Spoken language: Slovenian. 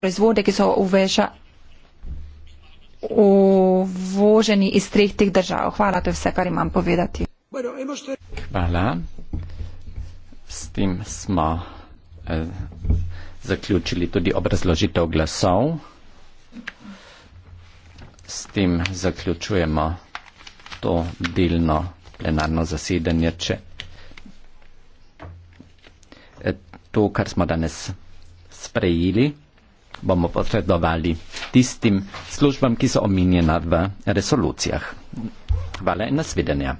proizvode, ki so uveža, uvoženi iz treh teh držav. Hvala, to je vse, kar imam povedati. Hvala. S tem smo eh, zaključili tudi obrazložitev glasov. S tem zaključujemo to delno plenarno zasedanje, če eh, to, kar smo danes sprejeli bomo posredovali tistim službam, ki so omenjena v resolucijah. Hvala in nasvidenja.